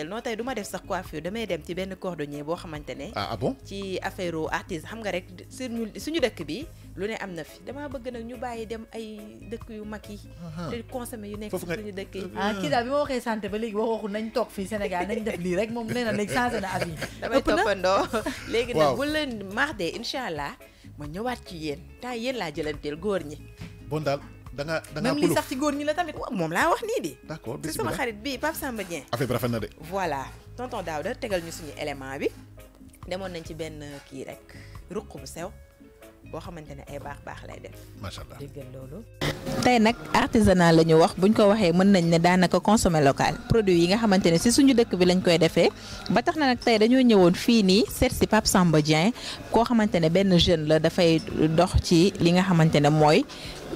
noo tey duma def sax coiffure damay dem ci benn cordonnier boo xamante ne. ah, ah bon ci affaire artiste xam nga rek suñu suñu dëkk bi lu ne am na fi dama bëgg nag ñu bàyyi dem ay dëkk yu mag yi. te consommé yu nekk suñu dëkk yi. ah kii daal bi ma waxee santé ba léegi waxu nañ toog fii Sénégal nañ def lii rek moom nee na léegi changé na avis. damay toppandoo léegi nag bu leen mardi incha allah ma ñëwaat ci yéen temps yéen laa jëlanteel góor ñi. bon da nga da nga même ci góor ñi la tamit moom laa wax nii di d'accord c'est sama xarit bii Pape Samba Dieng affaire bi rafet na de voilà tonton Daouda tegal ñu suñu élément bi demoon nañ ci benn kii rek ruq bu sew boo xamante ne ay baax baax lay def. macha allah loolu. tey nag artisanat la ñu wax buñ ko waxee mën nañ ne daanaka consommer local produit yi nga xamante ne si suñu dëkk bi lañ koy defee ba tax na nag tey dañoo ñëwoon fii nii seet si Pape Samba Dieng koo xamante ne benn jeune la dafay dox ci li nga xamante ne mooy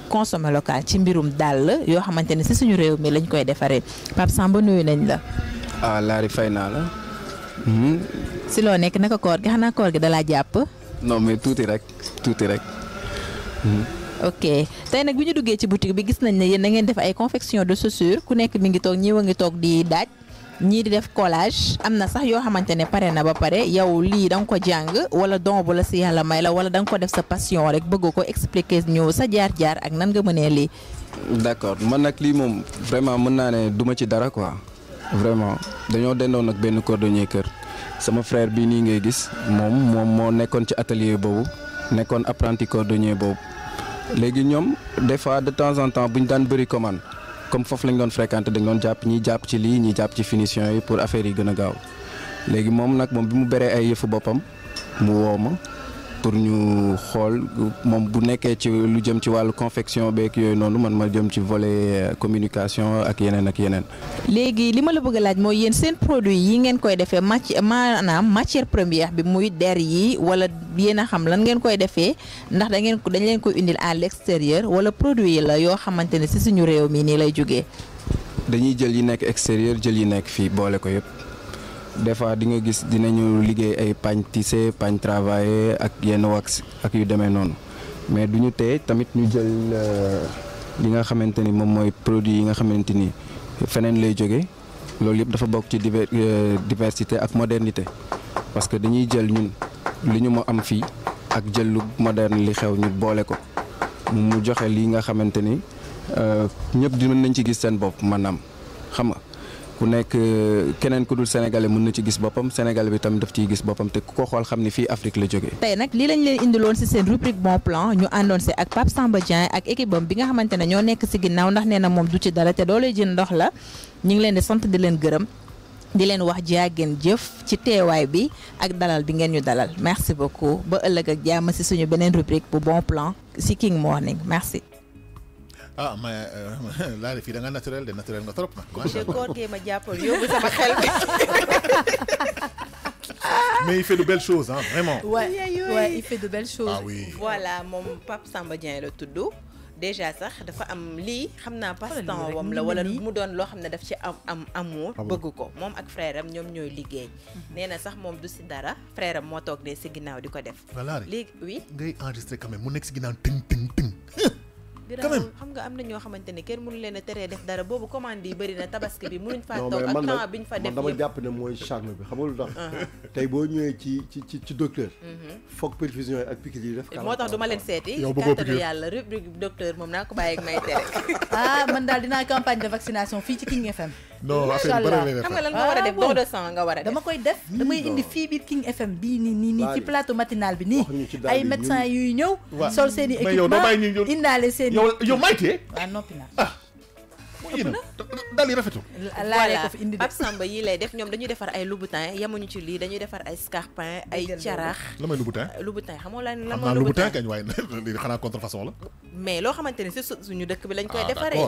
consommer local ci mbirum dàll yoo xamante ne si suñu réew mi lañ koy defaree Pape Samba nuyu nañ la. ah Lary naa la. si loo nekk naka koor gi xanaa koor gi dalaa jàpp. non mais tuuti rek. tuuti rek. ok tey nag bi ñu duggee ci boutique bi gis nañ ne yéen da ngeen def ay confection de chaussures ku nekk mi ngi toog ñii wa ngi toog di daaj. ñii di def collage am na sax yoo xamante ne pare na ba pare yow lii danga ko jàng wala don bu la si yàlla may la wala da nga ko def sa passion rek bëgg ko expliquer ñëw sa jaar-jaar ak nan nga mënee lii. d'accord man nag lii moom vraiment mën naa ne duma ci dara quoi vraiment dañoo dendoon ak benn cordonnier kër sama frère bi nii ngay gis moom moom moo nekkoon ci atelier boobu. nekkoon apprenti cordonnier boobu léegi ñoom des fois de temps en temps bu ñu daan bëri commande comme foofu lañ doon fréquenté dañ doon jàpp ñiy jàpp ci lii ñiy jàpp ci finition yi pour affaire yi gën a gaaw léegi moom nag moom bi mu beree ay yëfu boppam mu woo ma pour ñu xool moom bu nekkee ci lu jëm ci wàllu confection beek yooyu noonu man ma jëm ci volet euh, communication ak yeneen ak yeneen. léegi li ma la bëgg a laaj mooy yéen seen produit yi ngeen koy defee maanaam matière première bi muy der yi wala yéen a xam lan ngeen koy defee ndax da ngeen dañ leen koy indil à l'extérieur wala produit yi la yoo xamante ne si suñu réew mi nii lay jógee. dañuy jël yi nekk extérieur jël yi nekk fii boole ko yëpp. des fois di nga gis dinañu liggéey ay pagne tissé pagne travaillé ak yenn wax ak yu demee noonu mais du ñu tey tamit ñu jël euh, li nga xamante ni moom mooy produit yi nga xamante ni feneen lay jóge loolu yëpp dafa bokk ci euh, diversité ak modernité parce que dañuy jël ñun li ñu ma am fii ak jël lu moderne li xew ñu boole ko mu joxe li nga xamante ni euh, ñëpp di mën nañ ci gis seen bopp manaam xam nga ku nekk keneen ku dul sénégalais mën na ci gis boppam sénégalais bi tam daf ciy gis boppam te ku ko xool xam ni fii Afrique la jóge tey nag lii lañ leen indiloon si seen rubrique bon plan ñu àndoon si ak Pape Samba Dieng ak équipe bi nga xamante ne ñoo nekk si ginnaaw ndax nee na moom du ci dara te doo lay jën ndox la ñu ngi leen di sant di leen gërëm di leen wax jaageen jëf ci teewaay bi ak dalal bi ngeen ñu dalal merci beaucoup ba ëllëg ak jàmm si suñu beneen bu bon plan si King Morning merci. ah mais... là les da nga naturel de naturel trop mais il fait de belles choses hein, vraiment. Oui, il fait de belles choses. Ah voilà mon Pape Samba le tout doux. déjà ça dafa am li xamna passe wala mu doon lo ci am amour ah bëgg ko mom ak frère am liggéey mhm. néna sax mom du dara frère am def oui ngay quand même mu ting ting. quand même xam nga am na ñoo xamante ne kenn mënu leen a teree def dara boobu commande yi bëri na tabaski bi mënuñ faa toog ak temps biñ fa def yëpp dama jàpp ne mooy charme bi xam nga lu tax tey boo ñëwee ci ci ci ci docteur. Mhm. foog perfusion ak pikki yi def. moo tax du ma leen seeti yow bëggoo pikki kattan yàlla rubrique docteur moom naa ko bàyyi ak may tere. ah man daal dinaa campagne de vaccination fii ci King FM non affaire bi bare lay def xam nga lan nga war a def doo de sang nga war a def dama koy def damay indi fii biir king fm bii nii nii nii ci plateau matinal bi nii ay médecin yuy ñëw sol seen i équipement indaale seen yow yow maytee waa noppi naa dal yi rafetul laala pap samba yii lay def ñoom dañuy defar ay loubutin yamuñu ci lii dañuy defar ay scarpin ay carax la may loubutin loubutin xamoo la la may loubutin kañ waaye xanaa contrefaçon la mais loo xamante ne si suñu dëkk bi lañ koy defaree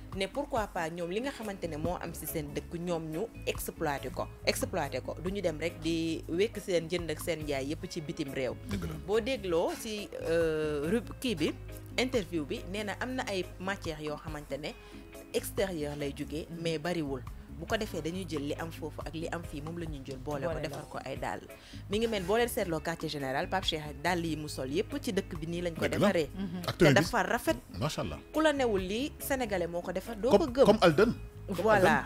ne pourquoi pas ñoom li nga xamante ne am si seen dëkk ñoom ñu exploité ko exploité ko du ñu dem rek di wékk seen jënd ak seen njaay yépp ci bitim réew. boo dégloo si euh, rub kii bi interview bi nee amna am na ay matières yoo xamante extérieur lay jugee mais bariwul. bu ko defee dañuy jël li am foofu ak li am fii moom la ñuy jël boole ko defar ko ay dàll mi ngi mel quartier général Pape Cheikh ci dëkk bi lañ ko mhm. dafa rafet ku la newul lii sénégalais Alden voilà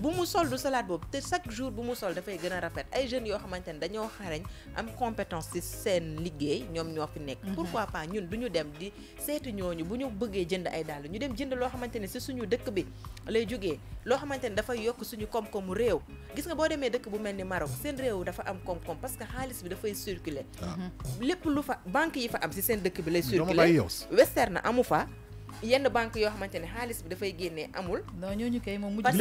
bu mu sol du salaat boobu te chaque jour bu mu sol dafay gën a rafet ay jeunes yoo xamante ne dañoo xarañ am compétence ci seen liggéey ñoom ñoo fi nekk mhm. pourquoi pas ñun du ñu dem di seetu ñooñu bu ñu bëggee jënd ay dàll ñu dem jënd loo xamante ne ci suñu dëkk bi lay jógee loo xamante ne dafay yokk suñu koom-koomu réew gis nga boo demee dëkk bu mel ni Maroc seen réew dafa am koom-koom parce que xaalis bi dafay circuler ah. lépp lu fa banque yi am ci seen dëkk bi lay circuler western amu fa yenn banque yoo xamante ne xaalis bi dafay génnee amul. non ñooñu kay moom mujj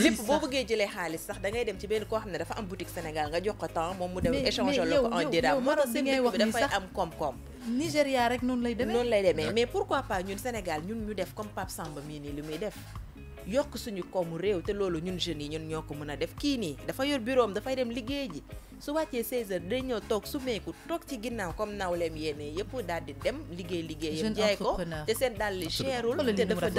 lépp boo bëggee jëlee xaalis sax dangay dem ci benn koo xam ne dafa am boutique Sénégal nga jox ko temps moom mu dem. échange la ko en dirham moo tax seen dëkk bi dafay am koom-koom. Nigéria rek noonu lay demee noonu lay demee mais pourquoi pas ñun Sénégal ñun ñu def comme Pape Samba mii nii li muy def yokk suñu nous réew té lolu ñun jeunes yi ñun ñoko mëna def dafa yor bureau am dafay dem liggéey ji su wàccee 16h day ñëw tok su meeku ci ginnaw comme yene yépp daal di dem liggéey jay ko té dal li dafa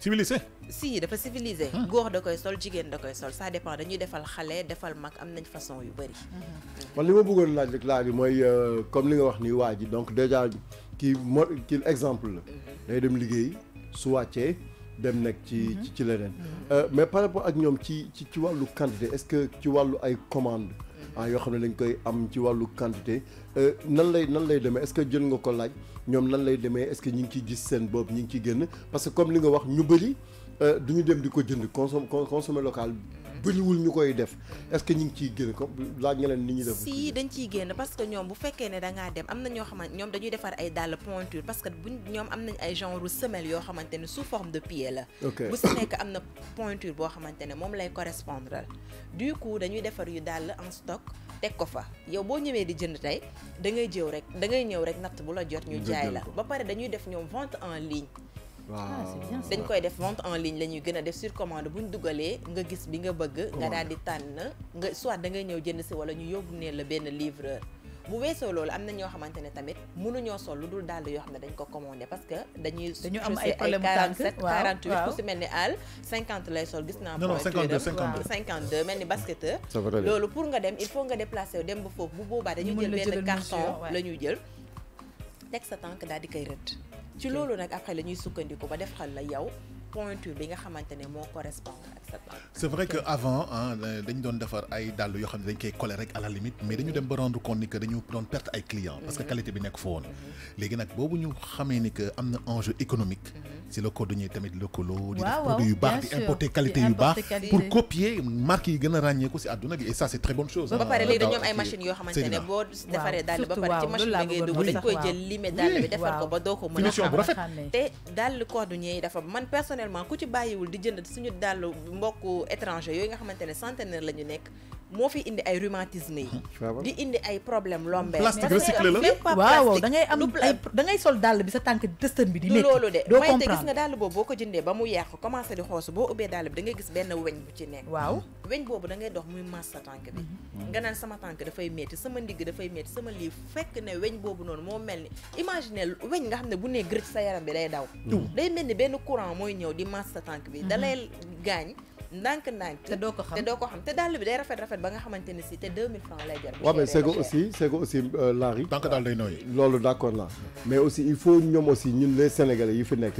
civilisé si dafa civilisé Je hum. da koy sol jigen da koy sol ça dépend dañuy défal xalé défal mak am nañ façon yu bari hum. man li bëggoon laaj rek laaj moy euh, comme li nga wax ni donc déjà exemple la hum. dem dem nekk ci mhm. ci ci leneen euh, mais par rapport ak ñoom ci ci ci wàllu quantité est-ce que ci walu ay commande mhm. ah yoo xam ne dañ koy am ci walu quantité euh, nan lay nan lay demee est-ce que jël nga ko laaj ñoom nan lay demee est-ce que ñu ngi ciy gis seen bopp ñu ngi ciy génn parce que comme li nga wax ñu bëri euh, du ñu dem di ko jënd consom consommer local bëriwul ñu koy def est-ce que ñu ngi ciy génn ko laaj nga leen ni ñuy def. si dañ ciy génn parce que ñoom bu fekkee ne dangaa dem am na ñoo xamante ñoom dañuy defar ay dàll pointure parce que buñ ñoom am nañ ay genre semelle yoo xamante ne sous forme de pied la. bu si nekk am na pointure boo xamante ne moom lay correspondre du coup dañuy defar yu dàll en stock teg ko fa yow boo ñëwee di jënd tey da ngay jëw rek da ngay ñëw rek natt bu la jot ñu jaay la ba pare dañuy def ñoom vente en ligne Ah, waaw c'est bien vous koy def vente en ligne la ñuy vous def sur commande bu ñu vous nga gis bi nga bëgg nga di nga soit da ngay si wala ñu livreur bu vous 50 non 52 52 52 pour nga dem il faut nga dem ba bu jël carton jël teg sa tànk daal di koy rëdd. ci loolu nag après la ñuy sukkandiku ba def xel la yow pointure bi nga xamante ne moo correspondre ak sa tànk. c'est vrai que avant ah dañ doon defar ay dàll yoo xam ne dañ koy coller rek à la limite mais dañu dem ba rendre compte ni que dañu doon perte ay clients. parce que mhm. qualité bi nekk fa woon. Mhm. léegi nag boobu ñu xamee ni que am na enjeu économique. Mhm. si le cordonnier dañuy tamit lëkkaloo. di def produit yu baax di importer qualité yu baax. pour copier marque yi gën a ràññeeku si àdduna bi et ça c'est très bonne chose. ba hein. pare léegi dañu am ay machines yoo xamante ne boo defaree dàll ba pare ci machine bi ngay dugg dañ koy jël limé dàll bi defar ko ba doo ko mën a xam te dàll cordonnier yi dafa man personnellement personnellement ku ci bàyyiwul di jënd suñu dàllu mbokku étranger yooyu nga xamante ne centenaire la ñu nekk moo fi indi ay rhumatisme yi. Mhm. di indi ay problème lombaire. plastique recyclé la waaw da ngay am ay da ngay sol dàll bi sa tànk tëstën bi di métti. loolu de mooy te gis nga dàll boobu boo ko jëndee ba mu yàq commencé di xoos boo ubbee dàll bi da ngay gis benn weñ bu ci nekk. waaw weñ boobu da ngay dox muy mas sa tànk bi. Mhm. nga naan sama tànk dafay métti sama ndigg dafay métti sama lii fekk ne weñ boobu noonu moo mel ni imagine weñ nga xam ne bu nee gërëc sa yaram bi day daw. day mel ni benn courant mooy ñëw di mas sa tànk bi. Mhm. da lay ndànk ndànk te doo ko xam te doo ko xam te dàll bi day rafet rafet ba nga xamanteni ci te 2000 francs lay jar. waaw mais c'est que aussi c'est euh, que aussi la tant tank dal day noy lolu d'accord là mais aussi il faut ñom aussi ñun les sénégalais yi fi nek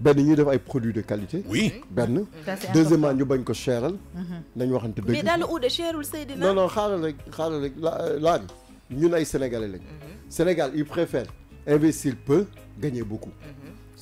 ben ñuy def ay produits de qualité. oui ben deuxièmement ñu bañ ko chéral mhm. nañu waxante dëgg. mais daal de cherul Seydina. non non xaaral rek xaaral rek euh, Lary ñun ay sénégalais lañ mhm. Sénégal il préfère investir peu gagner beaucoup. Mhm.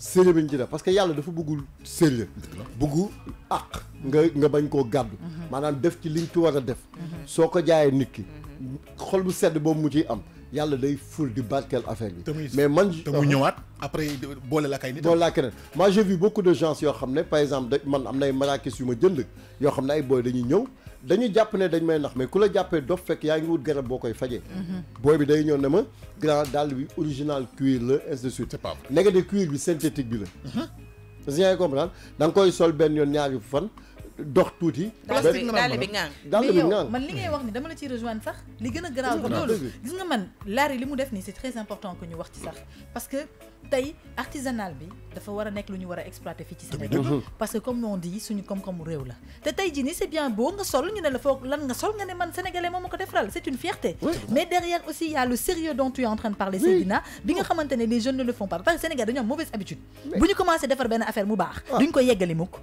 sérieux bi ñu ci def parce que yàlla dafa bëggul sérieux bëggu àq nga nga bañ koo que mhm. maanaam def ci liñ ci war a def mhm. soo ko jaayee nit ki mhm. xol bu sedd boobu mu ciy am yalla day ful du barkel affaire bi. mais man te ñëwaat après la kay moi j'ai vu beaucoup de gens par exemple man am ay yu ma jënd yo xamné ay boy dañuy ñëw dañuy japp dañ may nax mais kula jappé dof fek wut garab mhm. bi day ñëw ma grand original cuir ainsi de suite. c'est pas de cuir bi synthétique bi la. vous mhm. y comprendre ils koy sol tout bi c'est très important que nous wax parce que tey artisanal bi dafa war a nekk lu ñu war a exploiter fii ci Sénégal mhm. parce que comme on dit suñu koom-koomu réew la te tey jii nii c'est bien beau nga sol ñu ne la foog lan nga sol nga ne man sénégalais moom ma ko defaral c'est une fierté mais derrière aussi y a le sérieux dont tu es en train de parler Seydina bi nga xamante ne les jeunes ne le font pas parce que Sénégal dañoo am mauvaise habitude bu ñu commencé defar benn affaire mu baax ah. duñ ko yeggali mukk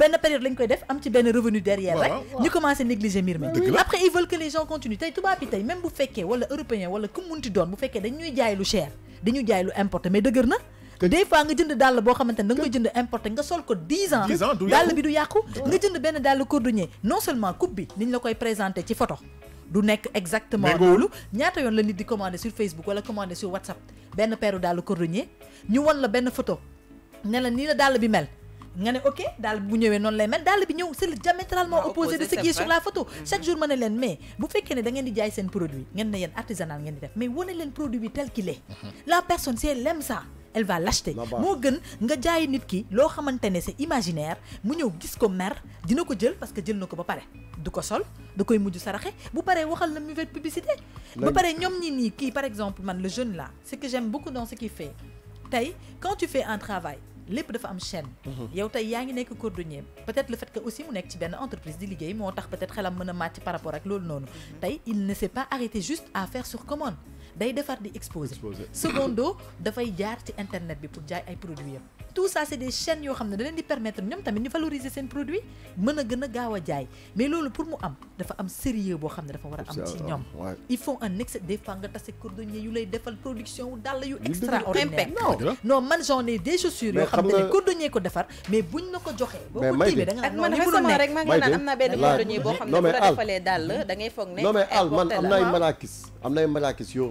benn période lañ koy def am ci benn revenu derrière rek ñu commencé négliger mbir mi après ils veulent que les gens continuent tay tubaab bi tay même bu fekkee wala européen wala ku munti doon bu fekkee ñuy jaay lu cher di ñu jaay lu importé mais dëgër na. des fois nga jënd dàll boo xamante danga da nga koy jënd importé nga sol ko 10 ans. 10 ans dàll bi du yàqu. nga jënd benn dàll cordonnier non seulement coupe bi niñ la koy présenté ci photo. du nekk exactement loolu ñaata yoon la nit di commandé sur Facebook wala commandé sur WhatsApp benn peeru dàll cordonnier ñu won la benn photo ne la la dàll bi mel. nga ne ok daal bu ñëwée noonu lay mel dal bi ñëw c'est le diamétralement opposé de ce qui est sur la photo mm-hmm. chaque jour ma ne leen mais bu fekkee ne da ngeen di jaay seen produit ngeen ne yéen artisanal ngeen di def mais wane leen produit bi tel qu'il est mm-hmm. la personne c'est elle aime ça elle va l'acheter moo gën nga jaay nit ki loo xamante ne c'est imaginaire mu ñëw gis ko mer dina ko jël parce que jël na ko ba pare du ko sol da koy mujj saraxe bu paree waxal na mauvaise publicité ba pare ñoom ñi nii kii par exemple man le jeune là ce que j'aime beaucoup dans ce qu'il fait tey quand tu fais un travail lépp dafa am chaîne. Mhm. yow tey yaa ngi nekk cordonnier peut-être le fait que aussi mu nekk ci benn entreprise di liggéey moo tax peut-être xelam mën a màcc par rapport ak loolu noonu. Mhm. tey il ne s'est pas arrêté juste à faire sur commande. day defar di exposé secondo dafay jaar ci internet bi pour jaay ay produits yam tout ça c' est des yoo xam ne da leen di permettre ñoom tamit ñu valoriser seen produit mën a gën a gaaw a jaay mais loolu pour mu am dafa am sérieux boo xam ne dafa war a am ci ñoom ils font un excès des fois nga ko defar mais buñ la ko joxee boo ko tiimee da nga ak man récemment rek maa ngi naan benn da ngay foog ne non mais al man am nay malaakis am nay malaakis yoo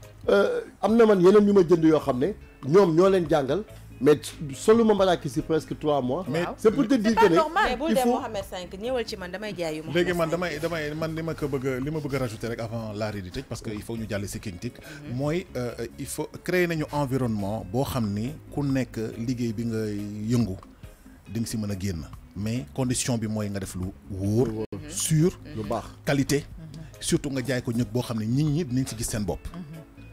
Euh, am na man yeneen ma jënd yoo xam ne ñoom jàngal mais ma si presque mois. mais c'est pour te dire que mais que Sank ci man damay jaay yu léegi man man ko bëgg rajouter avant que di parce que il faut ñu mhm. euh, il faut créer nañu environnement bo xam ku nekk liggéey bi nga yëngu mais condition bi mooy nga def lu wóor. sûr lu baax qualité. Mhm. surtout nga jaay ko ñëpp boo xam nit mhm.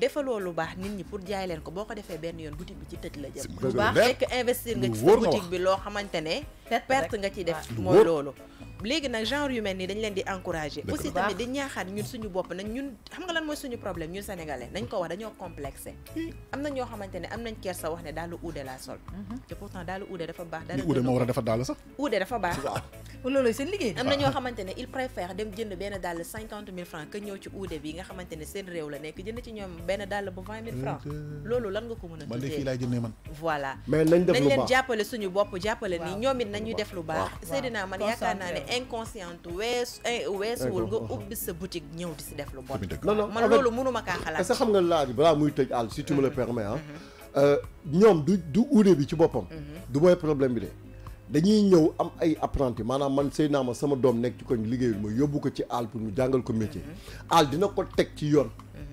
defaloo lu baax nit ñi pour jaay leen ko boo ko defee benn yoon boutique bi ci tëj la jëm bu baax fekk investir nga ci sa boutique bi loo xamante ne perte nga ciy def mooy loolu léegi nag genre yu mel nii dañ leen di encourager aussi tamit di ñaaxaat ñun suñu bopp nañ ñun xam nga lan mooy suñu problème ñun sénégalais nañ ko wax dañoo complexé am na ñoo xamante ne am nañ kersa wax ne daal lu uude laa sol mhm. te pourtant daal lu uude dafa baax dara uude moo war a defar daal sax uude dafa baax loolu seen liggéey am na ñoo xamante ne il préfère dem jënd benn dàll cinquante mille francs que ñëw ci uude bi nga xamante ne seen réew la nekk jënd ci ñoom benn dàll bu vingt mille francs loolu lan nga ko mën a man fii laay jëndee man voilà mais nañ def lu baax nañ leen jàppale suñu bopp jàppale ni ñoom it nañuy def lu baax Seydina man yaakaar naa ne inconscient wees eh, weesuwul nga ubbi sa boutique ñëw di si def lu bon non non man loolu mënuma kaa xalaat est-ce que xam nga laaj balaa muy tëj àll si tu me le mhm. permets ah ñoom du du uude bi ci boppam mhm. du mooy problème bi de dañuy ñëw am ay apprenti maanaam man sëy naa ma sama doom nekk ci koñ liggéeyul ma yóbbu ko ci àll pour mu jàngal ko métier mm-hmm. àll dina ko teg ci yoon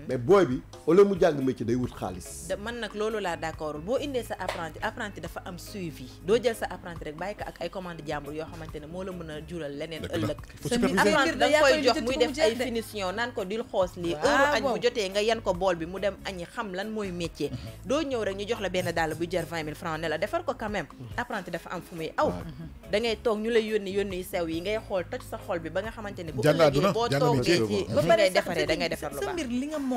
mais booy bi au lieu mu jàng métier day wut xaalis. man nag loolu laa d'accord boo indee sa apprenti apprenti dafa am suivi doo jël sa apprenti rek bàyyi ko ak ay commande jàmbur yoo xamante ne moo la mën a jural leneen ëllëg. apprenti da nga koy jox muy def ay finition naan ko dil xoos lii heure añ bu jotee nga yan ko bool bi mu dem añi xam lan mooy métier mm-hmm. doo ñëw rek ñu jox la benn dàll bu jar vingt mille francs la defar ko quand même mm-hmm. apprenti dafa am fu muy aw mm-hmm. da ngay yi ngay xool toj sa xol bi ba nga xamante ne boo toogee ci ba pare defaree da ngay defar lu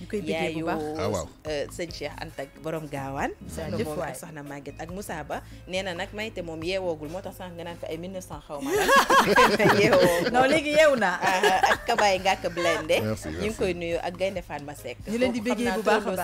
ñu koy bëggee bu baax ah, waaw euh, sëñ Cheikh Anta borom gaawaan soxna moom ak soxna Maguette ak Moussa Ba nee na nag Mayte moom yeewoogul moo tax sànq nga naan ko ay 1900 xaw ma yeewoo non léegi yeewu naa ah, ah, ak kabaay ngàkk blende ñu ngi koy nuyu ak Gaynde Fatma Seck ñu leen di bëggee bu baax